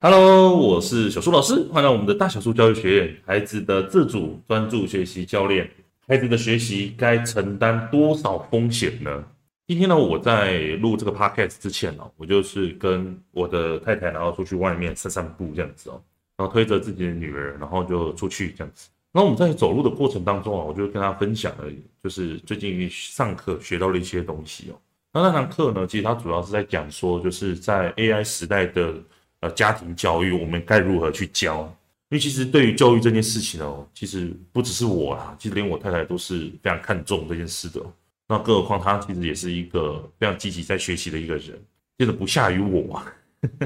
Hello，我是小樹老師，歡迎到我們的大小樹教育學院。孩子的自主專注學習教練，孩子的學習該承擔多少風險呢？今天呢，我在錄這個 podcast 之前哦，我就是跟我的太太，然後出去外面散散步這樣子哦，然後推着自己的女兒，然後就出去這樣子。那我們在走路的過程當中啊，我就跟他分享了，就是最近上課學到了一些東西哦。那那堂課呢，其實它主要是在講說，就是在 AI 時代的。呃、啊，家庭教育我們該如何去教？因為其實對於教育這件事情哦，其實不只是我啦，其實連我太太都是非常看重這件事的。那更何況她其實也是一個非常積極在學習的一個人，真的不下於我。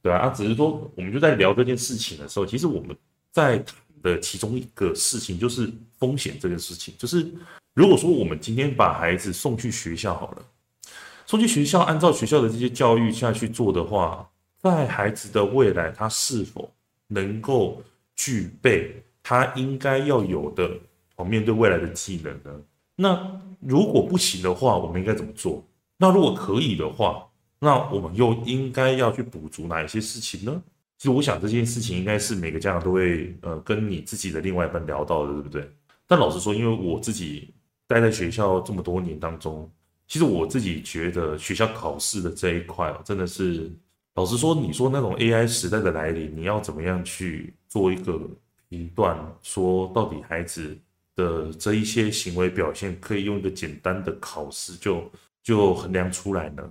對啊，啊，只是說，我們就在聊這件事情的時候，其實我們在談的其中一個事情就是風險這件事情。就是如果說我們今天把孩子送去學校好了，送去學校，按照學校的這些教育下去做的話。在孩子的未來，他是否能夠具備他應該要有的哦，面對未來的技能呢？那如果不行的話，我們應該怎麼做？那如果可以的話，那我們又應該要去補足哪一些事情呢？其實我想這件事情應該是每個家長都會呃跟你自己的另外一半聊到的，對不對？但老實說，因為我自己待在學校這麼多年當中，其實我自己覺得學校考試的這一塊真的是。老實說，你說那種 AI 時代的來臨，你要怎麼樣去做一個評斷，說，到底孩子的這一些行為表現可以用一個簡單的考試就就衡量出來呢？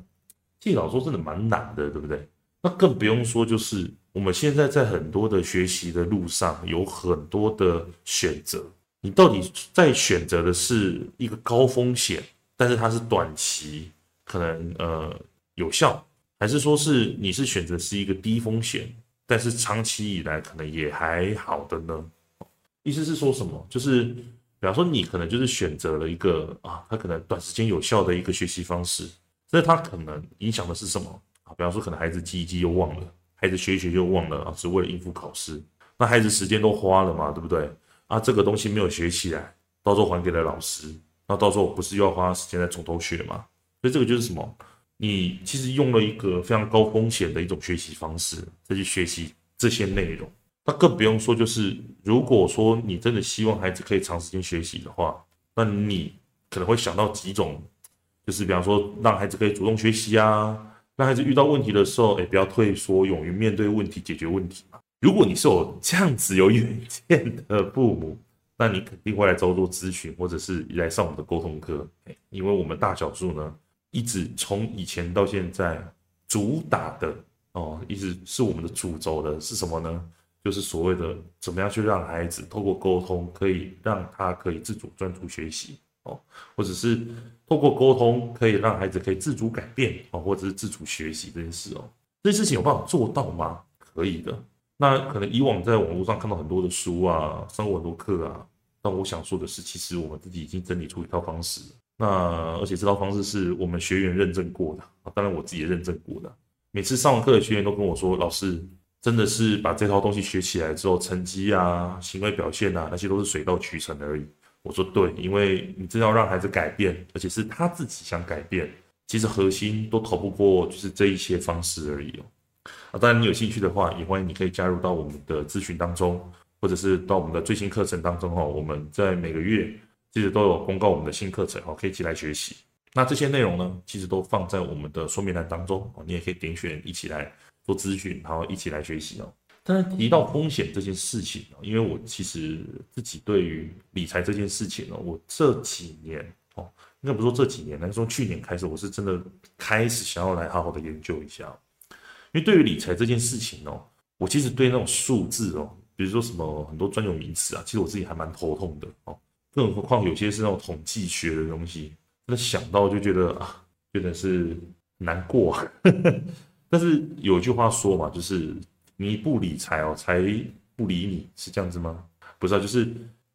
這老說真的蠻難的，對不對？那更不用說，就是我們現在在很多的學習的路上有很多的選擇，你到底在選擇的是一個高風險，但是它是短期，可能呃有效。還是說，是你是選擇是一個低風險，但是長期以來可能也還好的呢？意思是說什麼？就是比方說，你可能就是選擇了一個啊，他可能短時間有效的一個學習方式，那他可能影響的是什麼啊？比方說，可能孩子記一記又忘了，孩子學一學又忘了啊，只為了應付考試，那孩子時間都花了嘛，對不對？啊，這個東西沒有學起來，到時候還給了老師，那到時候不是又要花時間再從頭學嘛？所以這個就是什麼？你其實用了一個非常高風險的一種學習方式，再去學習這些內容，那更不用說，就是如果說你真的希望孩子可以長時間學習的話，那你可能會想到幾種，就是比方說讓孩子可以主動學習啊，讓孩子遇到問題的時候，哎，不要退縮，勇於面對問題，解決問題嘛。如果你是我這樣子有遠見的父母，那你肯定會來找我做諮詢，或者是來上我們的溝通課，因為我們大小樹呢，一直從以前到現在，主打的哦，一直是我們的主軸的是什麼呢？就是所謂的怎麼樣去讓孩子透過溝通，可以讓他可以自主專注學習哦，或者是透過溝通，可以讓孩子可以自主改變哦，或者是自主學習這件事哦，這件事情有辦法做到嗎？可以的。那可能以往在網絡上看到很多的書啊，上過很多課啊，但我想說的是，其實我們自己已經整理出一套方式。那而且這套方式是我們學員認證過的，當然我自己也認證過的。每次上完課的學員都跟我說，老師真的是把這套東西學起來之後，成績啊、行為表現啊，那些都是水到渠成的而已。我說對，因為你真要讓孩子改變，而且是他自己想改變，其實核心都逃不過就是這一些方式而已哦。啊，當然你有興趣的話，也歡迎你可以加入到我們的諮詢當中，或者是到我們的最新課程當中哈，我們在每個月。其實都有公告我們的新課程哦，可以一起來學習。那這些內容呢，其實都放在我們的說明欄當中，你也可以點選一起來做資訊，然後一起來學習哦。但是提到風險這件事情，因為我其實自己對於理財這件事情呢，我這幾年哦，應該不是說這幾年，來說去年開始，我是真的開始想要來好好的研究一下。因為對於理財這件事情，我其實對那種數字哦，比如說什麼很多專有名詞啊，其實我自己還蠻頭痛的哦。更何況，有些是那種統計學的東西，那想到就覺得啊，真的是難過、啊呵呵。但是有一句話說嘛，就是你不理財哦，財不理你，是這樣子嗎？不是、啊，就是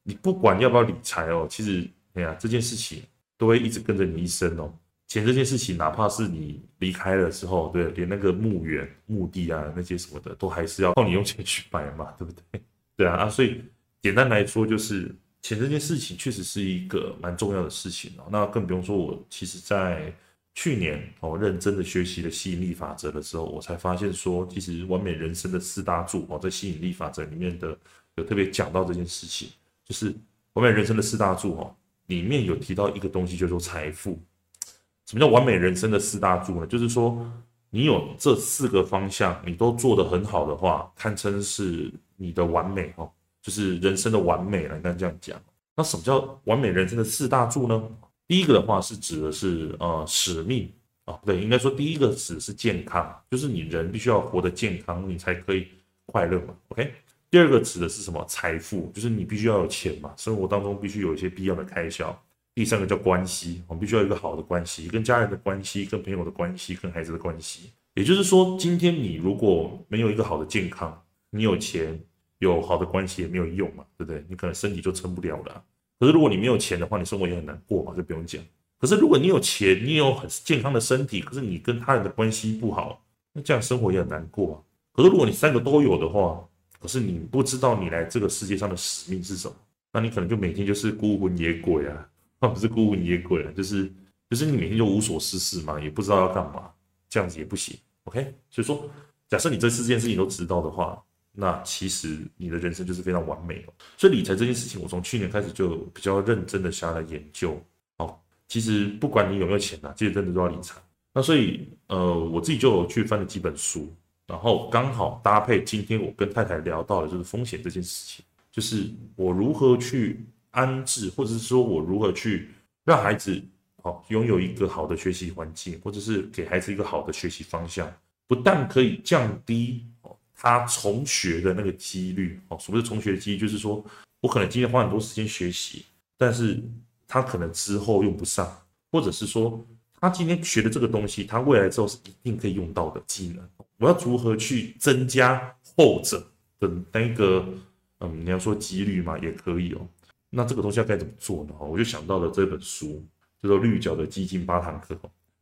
你不管要不要理財哦，其實哎呀這件事情都會一直跟着你一生哦。錢這件事情，哪怕是你離開了之後，對，連那個墓園、墓地啊那些什麼的，都還是要靠你用錢去買嘛，對不對？對啊啊，所以簡單來說就是。錢這件事情確實是一個蠻重要的事情、哦、那更不用說，我其實在去年哦，認真的學習了吸引力法則的時候，我才發現說，其實完美人生的四大柱哦，在吸引力法則裡面的有特別講到這件事情，就是完美人生的四大柱、哦、裡面有提到一個東西，就是說財富。什麼叫完美人生的四大柱呢？就是說你有這四個方向，你都做得很好的話，堪稱是你的完美、哦就是人生的完美了、啊，那這樣講，那什麼叫完美人生的四大柱呢？第一個的話是指的是呃使命啊，對，應該說第一個指是健康，就是你人必須要活得健康，你才可以快樂嘛。OK，第二個指的是什麼？財富，就是你必須要有錢嘛，生活當中必須有一些必要的開銷。第三個叫關係，我、啊、們必須要一個好的關係，跟家人的關係，跟朋友的關係，跟孩子的關係。也就是說，今天你如果沒有一個好的健康，你有錢。有好的關係也沒有用嘛，對不對？你可能身體就撐不了了啊。可是如果你沒有錢的話，你生活也很難過嘛，就不用講。可是如果你有錢，你有很健康的身體，可是你跟他人的關係不好，那這樣生活也很難過啊。可是如果你三個都有的話，可是你不知道你來這個世界上的使命是什麼，那你可能就每天就是孤魂野鬼啊。那，啊，不是孤魂野鬼啊，就是就是你每天就無所事事嘛，也不知道要幹嘛，這樣子也不行。OK，所以說，假設你這四件事情都知道的話。那其實你的人生就是非常完美了。所以理財這件事情，我從去年開始就比較認真的下來研究。好，其實不管你有沒有錢吶，啊，這些真的都要理財。那所以呃，我自己就去翻了幾本書，然後剛好搭配今天我跟太太聊到的就是風險這件事情，就是我如何去安置，或者是說我如何去讓孩子好擁有一個好的學習環境，或者是給孩子一個好的學習方向，不但可以降低。他重學的那個幾率哦，所謂的重學的幾率，就是說，我可能今天花很多時間學習，但是他可能之後用不上，或者是說，他今天學的這個東西，他未來之後是一定可以用到的技能，我要如何去增加後者的那個，嗯，你要說幾率嘛，也可以哦。那這個東西要該怎麼做呢？我就想到了這本書，就叫做《綠角的基金八堂課》。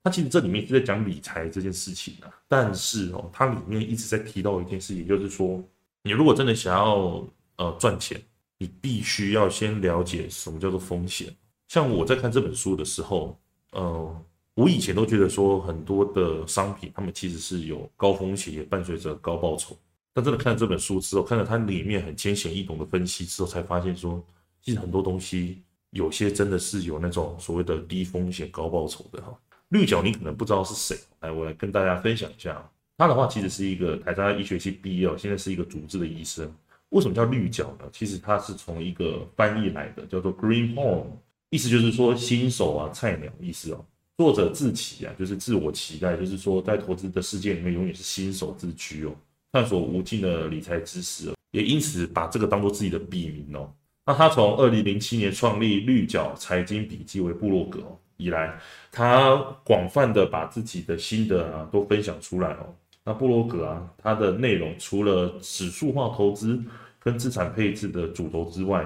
他其實這裡面是在講理財這件事情啊，但是哦，他裡面一直在提到一件事情，也就是說，你如果真的想要呃賺錢，你必須要先了解什麼叫做風險。像我在看這本書的時候，嗯、呃，我以前都覺得說很多的商品，他們其實是有高風險，也伴隨着高報酬。但真的看了這本書之後，看了它裡面很淺顯易懂的分析之後，才發現說，其實很多東西有些真的是有那種所謂的低風險高報酬的哈。綠角，你可能不知道是誰。來，我來跟大家分享一下，他的話其實是一個台大醫學系畢業哦，現在是一個主治的醫生。為什麼叫綠角呢？其實他是從一個翻譯來的，叫做 Greenhorn，意思就是說新手啊、菜鳥的意思哦。作者自期啊，就是自我期待，就是說在投資的世界裡面，永遠是新手自居哦，探索無盡的理財知識哦，也因此把這個當做自己的筆名哦。那他從二零零七年創立綠角財經筆記為部落格哦。以來，他廣泛的把自己的心得啊都分享出來哦。那部落格啊，他的內容除了指數化投資跟資產配置的主軸之外，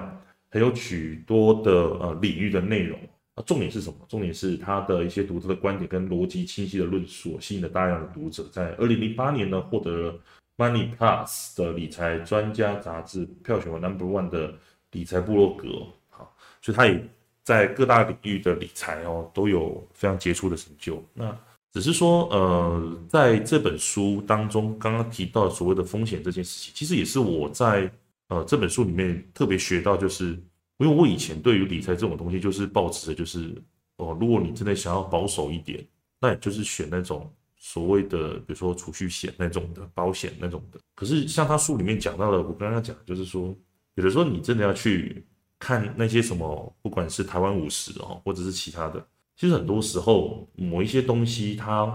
還有許多的呃領域的內容啊。重點是什麼？重點是他的一些獨特的觀點跟邏輯清晰的論述，吸引了大量的讀者。在二零零八年呢，獲得了 Money Plus 的理財專家雜誌票選為 Number One 的理財部落格啊，所以他也在各大領域的理財哦，都有非常傑出的成就。那只是說，呃，在這本書當中，剛剛提到的所謂的風險這件事情，其實也是我在呃這本書裡面特別學到，就是因為我以前對於理財這種東西，就是抱持的就是哦、呃，如果你真的想要保守一點，那也就是選那種所謂的，比如說儲蓄險那種的保險那種的。可是像他書裡面講到的，我剛剛講，就是說有的時候你真的要去。看那些什麼，不管是台灣五十哦，或者是其他的，其實很多時候某一些東西，它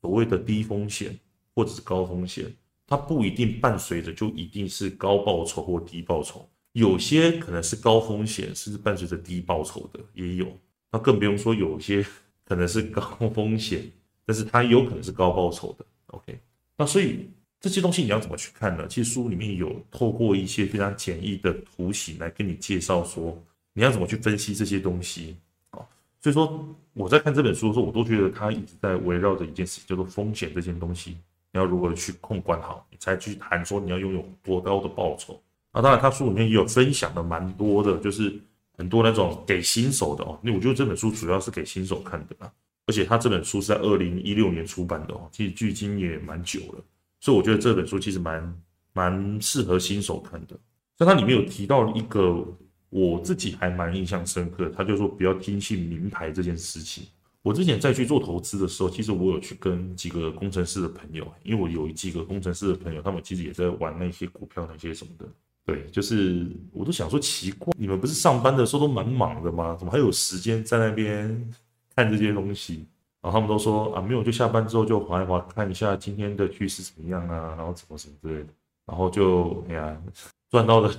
所謂的低風險或者是高風險，它不一定伴隨着就一定是高報酬或低報酬，有些可能是高風險，甚至伴隨着低報酬的也有。那更不用說有些可能是高風險，但是它有可能是高報酬的。OK，那所以。這些東西你要怎麼去看呢？其實書裡面有透過一些非常簡易的圖形來跟你介紹說，你要怎麼去分析這些東西啊，哦。所以說我在看這本書的時候，我都覺得他一直在圍繞着一件事，叫做風險。這件東西你要如何去控管好，你才去談說你要擁有多高的報酬啊。當然，他書裡面也有分享的蠻多的，就是很多那種給新手的哦。那我覺得這本書主要是給新手看的啊，而且他這本書是在二零一六年出版的哦，其實距今也蠻久了。所以我覺得這本書其實蠻蠻適合新手看的。像它裡面有提到一個我自己還蠻印象深刻，他就是說比較聽信名牌這件事情。我之前在去做投資的時候，其實我有去跟幾個工程師的朋友，因為我有幾個工程師的朋友，他們其實也在玩那些股票那些什麼的。對，就是我都想說奇怪，你們不是上班的時候都蠻忙的嗎？怎麼還有時間在那邊看這些東西？然後他們都說啊，沒有就下班之後就滑一滑，看一下今天的趨勢是怎麼樣啊，然後怎麼什麼之類的，然後就哎呀，賺到的，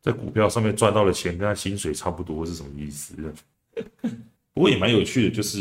在股票上面賺到的錢，跟他薪水差不多是什麼意思的。不過也蠻有趣的，就是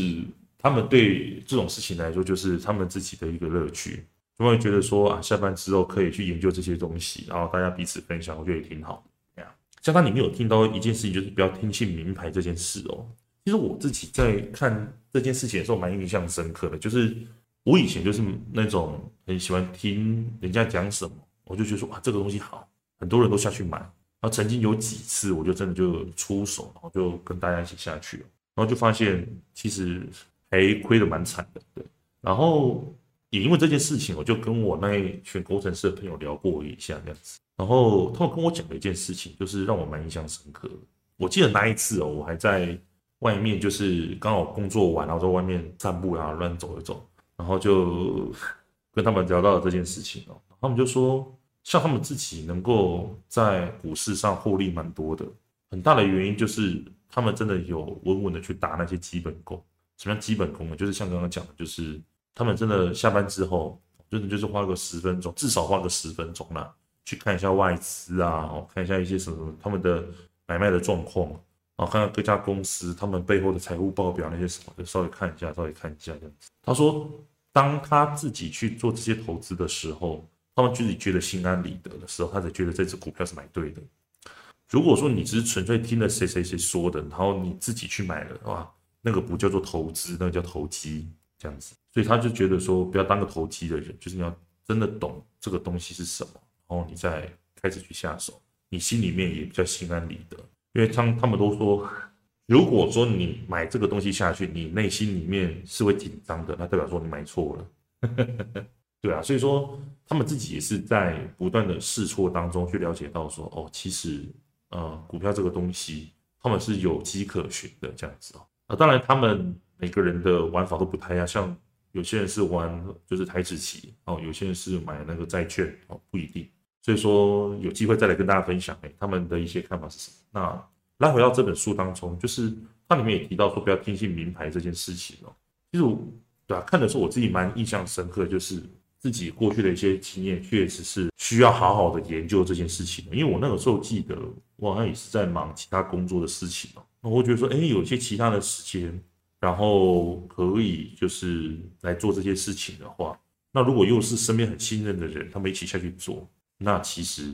他們對這種事情來說，就是他們自己的一個樂趣，就會覺得說啊，下班之後可以去研究這些東西，然後大家彼此分享，我覺得也挺好。哎呀，像當你沒有聽到一件事情，就是不要聽信名牌這件事哦。其實我自己在看這件事情的時候蠻印象深刻的，就是我以前就是那種很喜歡聽人家講什麼，我就覺得說哇這個東西好，很多人都下去買。然後曾經有幾次我就真的就出手，然後就跟大家一起下去，然後就發現其實還虧得蠻慘的。對，然後也因為這件事情，我就跟我那選工程師的朋友聊過一下這樣子。然後他們跟我講了一件事情，就是讓我蠻印象深刻的。我記得那一次哦，我還在。外面就是剛好工作完，然後在外面散步啊，亂走一走，然後就跟他們聊到了這件事情哦。他們就說，像他們自己能夠在股市上獲利蠻多的，很大的原因就是他們真的有穩穩的去打那些基本功。什麼叫基本功呢？就是像剛剛講的，就是他們真的下班之後，真的就是花個十分鐘，至少花個十分鐘啦，去看一下外資啊，看一下一些什麼他們的買賣的狀況。哦，看看、啊、各家公司他們背後的財務報表那些什麼的，就稍微看一下，稍微看一下這樣子。他說，當他自己去做這些投資的時候，他們自己覺得心安理得的時候，他才覺得這支股票是買對的。如果說你只是純粹聽了誰誰誰說的，然後你自己去買了的話，那個不叫做投資，那個叫投機。這樣子，所以他就覺得說，不要當個投機的人，就是你要真的懂這個東西是什麼，然後你再開始去下手，你心裡面也比較心安理得。因為他他們都說，如果說你買這個東西下去，你內心裡面是會緊張的，那代表說你買錯了。 對啊，所以說他們自己也是在不斷的試錯當中去了解到說，哦，其實呃股票這個東西他們是有跡可循的這樣子哦。啊，當然他們每個人的玩法都不太一、啊、樣，像有些人是玩就是台指期哦，有些人是買那個債券哦，不一定。所以說有機會再來跟大家分享，哎，他們的一些看法是什麼？那拉回到這本書當中，就是它裡面也提到說不要聽信名牌這件事情哦。其實，對啊，看的時候我自己蠻印象深刻，就是自己過去的一些經驗確實是需要好好的研究這件事情。因為我那個時候記得，我好像也是在忙其他工作的事情哦。那我覺得說，哎，有一些其他的時間，然後可以就是來做這些事情的話，那如果又是身邊很信任的人，他們一起下去做。那其實，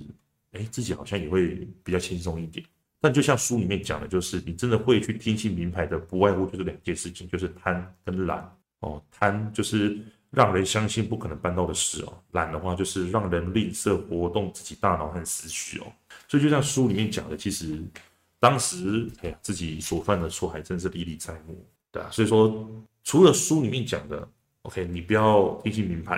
哎，自己好像也會比較輕鬆一點。但就像書裡面講的，就是你真的會去聽信明牌的，不外乎就是兩件事情，就是貪跟懶哦。貪就是讓人相信不可能辦到的事哦，懶的話就是讓人吝嗇、活動自己大腦和思緒哦。所以就像書裡面講的，其實當時哎呀，自己所犯的錯還真是歷歷在目，對啊。所以說，除了書裡面講的，OK，你不要聽信明牌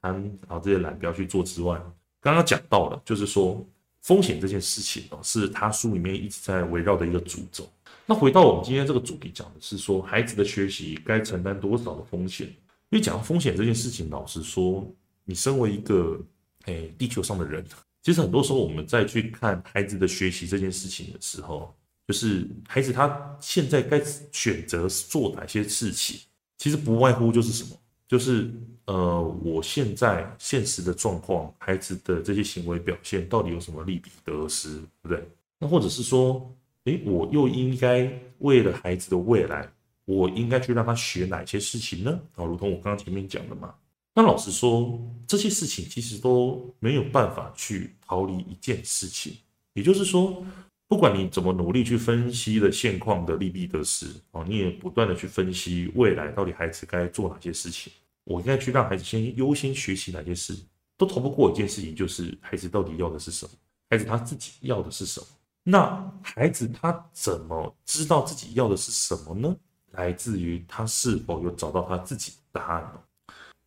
貪、啊，然後這些懶不要去做之外，剛剛講到了，就是說風險這件事情哦，是他書裡面一直在圍繞的一個主軸。那回到我們今天這個主題，講的是說孩子的學習該承擔多少的風險？因為講到風險這件事情，老實說，你身為一個誒、哎、地球上的人，其實很多時候我們在去看孩子的學習這件事情的時候，就是孩子他現在該選擇做哪些事情，其實不外乎就是什麼。就是呃，我現在現實的狀況，孩子的這些行為表現到底有什麼利弊得失，對不對？那或者是說，誒，我又應該為了孩子的未來，我應該去讓他學哪些事情呢？啊、哦，如同我剛剛前面講的嘛。那老實說，這些事情其實都沒有辦法去逃離一件事情，也就是說。不管你怎麼努力去分析了現況的利弊得失啊，你也不斷的去分析未來到底孩子該，該做哪些事情，我應該去讓孩子先優先學習哪些事，都逃不過一件事情，就是孩子到底要的是什麼，孩子他自己要的是什麼？那孩子他怎麼知道自己要的是什麼呢？來自於他是否有找到他自己的答案。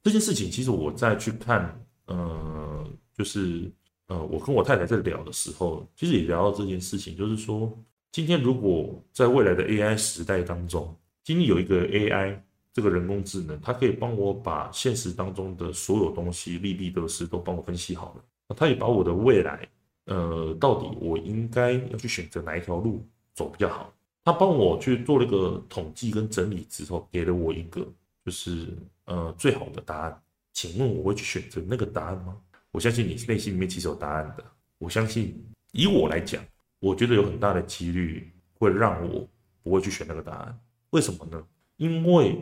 這件事情其實我再去看，嗯、呃，就是。呃，我跟我太太在聊的時候，其實也聊到這件事情，就是說，今天如果在未來的 AI 時代當中，今天有一個 AI 這個人工智能，它可以幫我把現實當中的所有東西利弊得失都幫我分析好了，它也把我的未來，呃，到底我應該要去選擇哪一條路走比較好，它幫我去做了一個統計跟整理之後，給了我一個就是呃最好的答案，請問我會去選擇那個答案嗎？我相信你內心裡面其實有答案的。我相信以我來講，我覺得有很大的幾率會讓我不會去選那個答案。為什麼呢？因為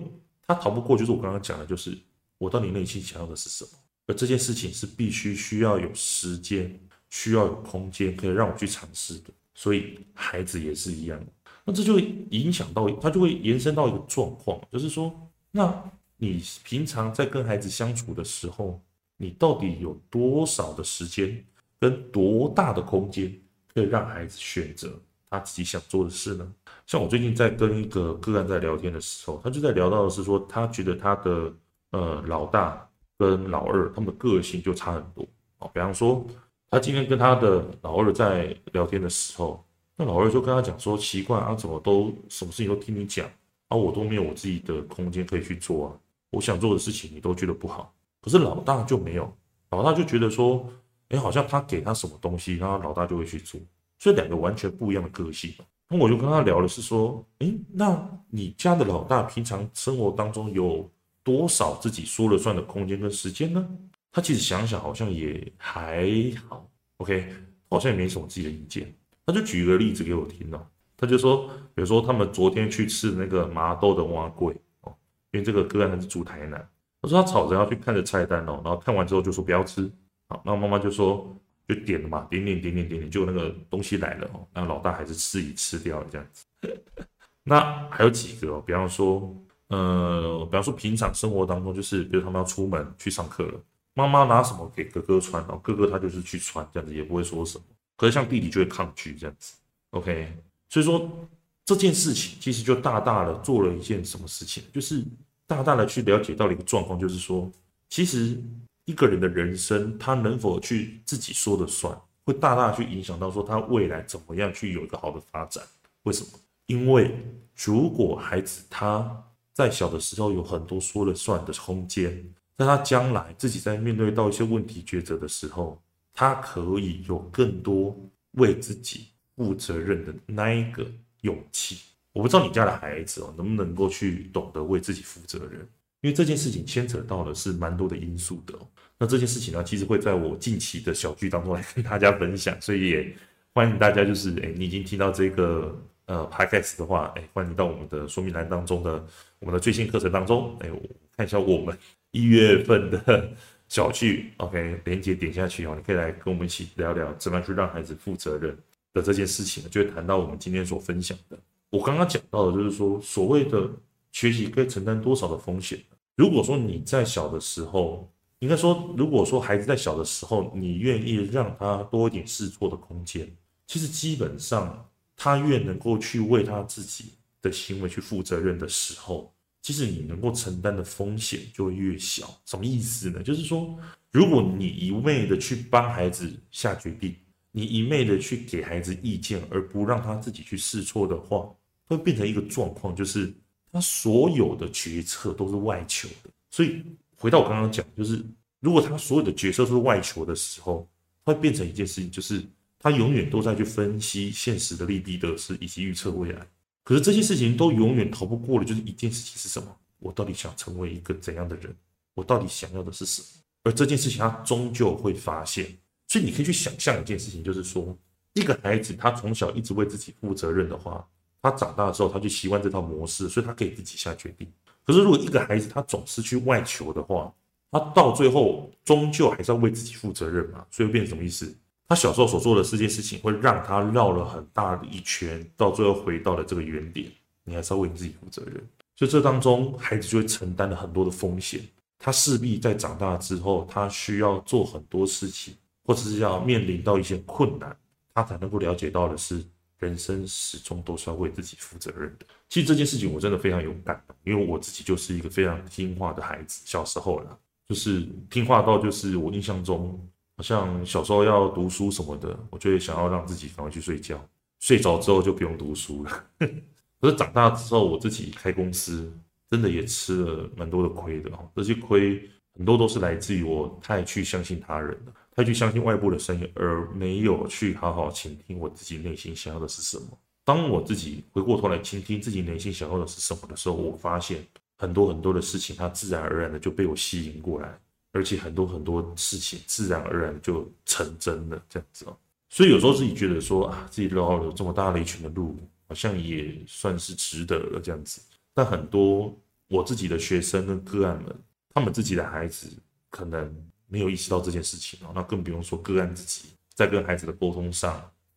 他逃不過，就是我剛剛講的，就是我到底內心想要的是什麼。而這件事情是必須需要有時間、需要有空間，可以讓我去嘗試的。所以孩子也是一樣。那這就影響到，他就會延伸到一個狀況，就是說，那你平常在跟孩子相處的時候。你到底有多少的時間跟多大的空間，可以讓孩子選擇他自己想做的事呢？像我最近在跟一個個案在聊天的時候，他就在聊到的是說，他覺得他的呃老大跟老二他們的個性就差很多啊。比方說，他今天跟他的老二在聊天的時候，那老二就跟他講說，奇怪啊，怎麼都什麼事情都聽你講啊，我都沒有我自己的空間可以去做啊，我想做的事情你都覺得不好。可是老大就沒有，老大就覺得說，哎，好像他給他什麼東西，然後老大就會去做，所以兩個完全不一樣的個性。那我就跟他聊的是說，哎，那你家的老大平常生活當中有多少自己說了算的空間跟時間呢？他其實想想好像也還好，OK，好像也沒什麼自己的意見。他就舉一個例子給我聽哦，他就說，比如說他們昨天去吃那個麻豆的碗粿哦，因為這個哥兒他是住台南。我說他吵着要去看着菜單哦，然後看完之後就說不要吃，好，那媽媽就說就點了嘛，點點點點點點，就那個東西來了哦，那老大還是自己吃掉了這樣子。 那還有幾個哦，比方說，呃，比方說平常生活當中，就是比如他們要出門去上課了，媽媽拿什麼給哥哥穿哦，然後哥哥他就是去穿這樣子，也不會說什麼，可是像弟弟就會抗拒這樣子。OK，所以說這件事情其實就大大的做了一件什麼事情，就是。大大的去了解到了一個狀況，就是說，其實一個人的人生，他能否去自己說了算，會大大的去影響到說他未來怎麼樣去有一個好的發展。為什麼？因為如果孩子他在小的時候有很多說了算的空間，在他將來自己在面對到一些問題抉擇的時候，他可以有更多為自己負責任的那一個勇氣。我不知道你家的孩子哦，能不能夠去懂得為自己負責任？因為這件事情牽扯到的是蠻多的因素的哦。那這件事情呢，其實會在我近期的小劇當中來跟大家分享，所以也歡迎大家，就是欸，你已經聽到這個呃 Podcast 的話，欸，歡迎到我們的說明欄當中的我們的最新課程當中，欸，我看一下我們一月份的小劇，OK，連結點下去哦，你可以來跟我們一起聊聊怎麼樣去讓孩子負責任的這件事情就會談到我們今天所分享的。我剛剛講到的，就是說，所謂的學習該承擔多少的風險？如果說你在小的時候，應該說，如果說孩子在小的時候，你願意讓他多一點試錯的空間，其實基本上，他越能夠去為他自己的行為去負責任的時候，其實你能夠承擔的風險就越小。什麼意思呢？就是說，如果你一味的去幫孩子下決定，你一味的去給孩子意見，而不讓他自己去試錯的話，會變成一個狀況，就是他所有的決策都是外求的。所以回到我剛剛講，就是如果他所有的決策都是外求的時候，會變成一件事情，就是他永遠都在去分析現實的利弊得失以及預測未來。可是這些事情都永遠逃不過的，就是一件事情是什麼？我到底想成為一個怎樣的人？我到底想要的是什麼？而這件事情，他終究會發現。所以你可以去想象一件事情，就是說一個孩子他從小一直為自己負責任的話。他長大的時候，他就習慣這套模式，所以他可以自己下決定。可是，如果一個孩子他總是去外求的話，他到最後終究還是要為自己負責任嘛？所以，變成什麼意思？他小時候所做的這件事情，會讓他繞了很大的一圈，到最後回到了這個原點。你還是要為你自己負責任。所以這當中，孩子就會承擔了很多的風險。他勢必在長大之後，他需要做很多事情，或者是要面臨到一些困難，他才能夠了解到的是。人生始終都是要為自己負責任的。其實這件事情我真的非常有感，因為我自己就是一個非常聽話的孩子。小時候呢，就是聽話到就是我印象中，好像小時候要讀書什麼的，我就想要讓自己趕快去睡覺，睡着之後就不用讀書了。可是長大之後，我自己開公司，真的也吃了蠻多的虧的啊。這些虧很多都是來自於我太去相信他人了。太去相信外部的聲音，而沒有去好好傾聽我自己內心想要的是什麼。當我自己回過頭來傾聽自己內心想要的是什麼的時候，我發現很多很多的事情，它自然而然的就被我吸引過來，而且很多很多事情自然而然就成真了。這樣子哦，所以有時候自己覺得說啊，自己繞了這麼大的一圈的路，好像也算是值得了。這樣子，但很多我自己的學生跟個案們，他們自己的孩子可能。沒有意識到這件事情啊、哦，那更不用說個案自己在跟孩子的溝通上，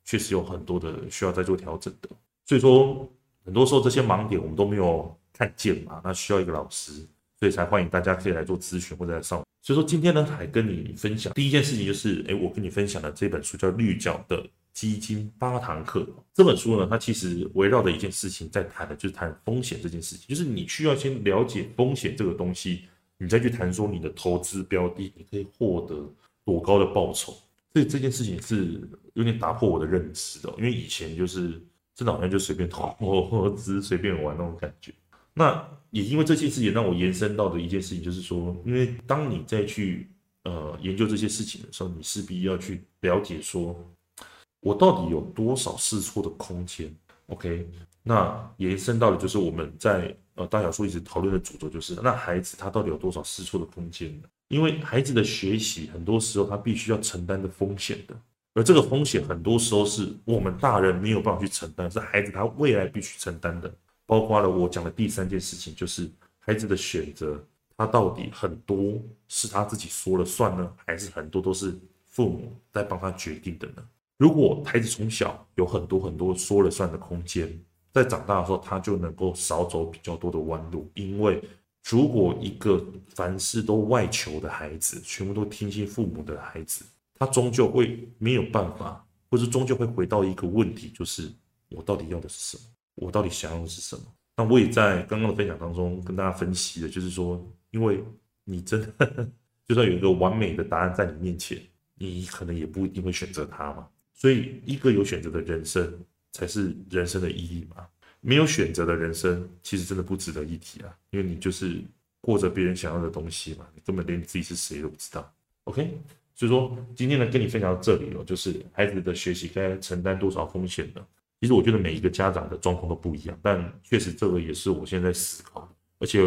確實有很多的需要再做調整的。所以說，很多時候這些盲點我們都沒有看見嘛，那需要一個老師，所以才歡迎大家可以來做諮詢或者來上。所以說今天呢，還跟你分享第一件事情就是，誒，我跟你分享的這本書叫《綠角的基金八堂課》。這本書呢，它其實圍繞着一件事情在談的，就是談風險這件事情，就是你需要先了解風險這個東西。你再去談說你的投資標的，你可以獲得多高的報酬。所以這件事情是有點打破我的認知的，因為以前就是真的好像就隨便投資，我我只隨便玩那種感覺。那也因為這些事情讓我延伸到的一件事情，就是說，因為當你再去呃研究這些事情的時候，你勢必要去了解說我到底有多少試錯的空間。OK，那延伸到的就是我們在。呃，大小樹一直討論的主軸就是，那孩子他到底有多少試錯的空間呢？因為孩子的學習，很多時候他必須要承擔的風險的，而這個風險很多時候是我們大人沒有辦法去承擔，是孩子他未來必須承擔的。包括了我講的第三件事情，就是孩子的選擇，他到底很多是他自己說了算呢，還是很多都是父母在幫他決定的呢？如果孩子從小有很多很多說了算的空間，在長大的時候，他就能夠少走比較多的彎路，因為如果一個凡事都外求的孩子，全部都聽信父母的孩子，他終究會沒有辦法，或是終究會回到一個問題，就是我到底要的是什麼？我到底想要的是什麼？那我也在剛剛的分享當中跟大家分析了，就是說，因為你真的 就算有一個完美的答案在你面前，你可能也不一定會選擇他嘛。所以，一個有選擇的人生。才是人生的意義嘛？沒有選擇的人生，其實真的不值得一提啊！因為你就是過着別人想要的東西嘛，你根本連你自己是誰都不知道。OK，所以說今天呢，跟你分享到這裡哦，就是孩子的學習該承擔多少風險呢？其實我覺得每一個家長的狀況都不一樣，但確實這個也是我現在在思考，而且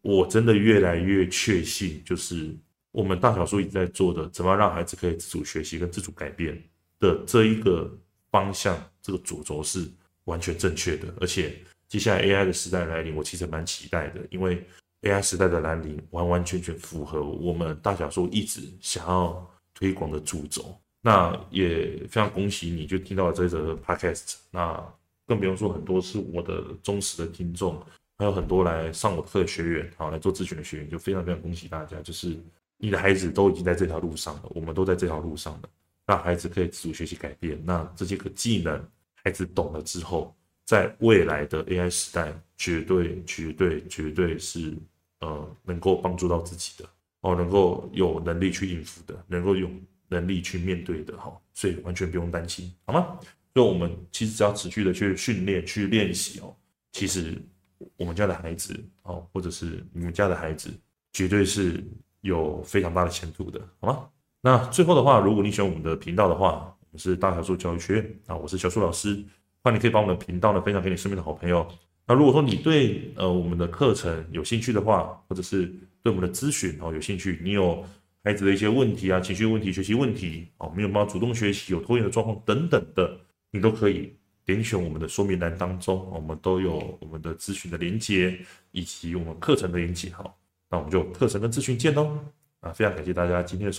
我真的越來越確信，就是我們大小樹一直在做的，怎麼讓孩子可以自主學習跟自主改變的這一個。方向，這個主軸是完全正確的，而且接下來 AI 的時代來臨，我其實蠻期待的，因為 AI 時代的來臨完完全全符合我們大小樹一直想要推廣的主軸。那也非常恭喜你，就聽到了這則 Podcast，那更不用說很多是我的忠實的聽眾，還有很多來上我的課的學員，好，來做諮詢的學員，就非常非常恭喜大家，就是你的孩子都已經在這條路上了，我們都在這條路上了。讓孩子可以自主學習改變，那這些個技能，孩子懂了之後，在未來的 AI 時代，絕對、絕對、絕對是，呃，能夠幫助到自己的，哦，能夠有能力去應付的，能夠有能力去面對的，哈、哦，所以完全不用擔心，好嗎？所以我們其實只要持續的去訓練、去練習哦，其實我們家的孩子，哦，或者是你們家的孩子，絕對是有非常大的前途的，好嗎？那最後的話，如果你選我們的頻道的話，我們是大小樹教育學院啊，我是小樹老師。歡迎你可以把我們的頻道呢分享給你身邊的好朋友。那如果說你對呃我們的課程有興趣的話，或者是對我們的諮詢哦有興趣，你有孩子的一些問題啊，情緒問題、學習問題啊、哦，沒有辦法主動學習，有拖延的狀況等等的，你都可以點選我們的說明欄當中，哦，我們都有我們的諮詢的連接以及我們課程的鏈接，好，那我們就課程跟諮詢見嘍。啊，非常感謝大家今天的收看。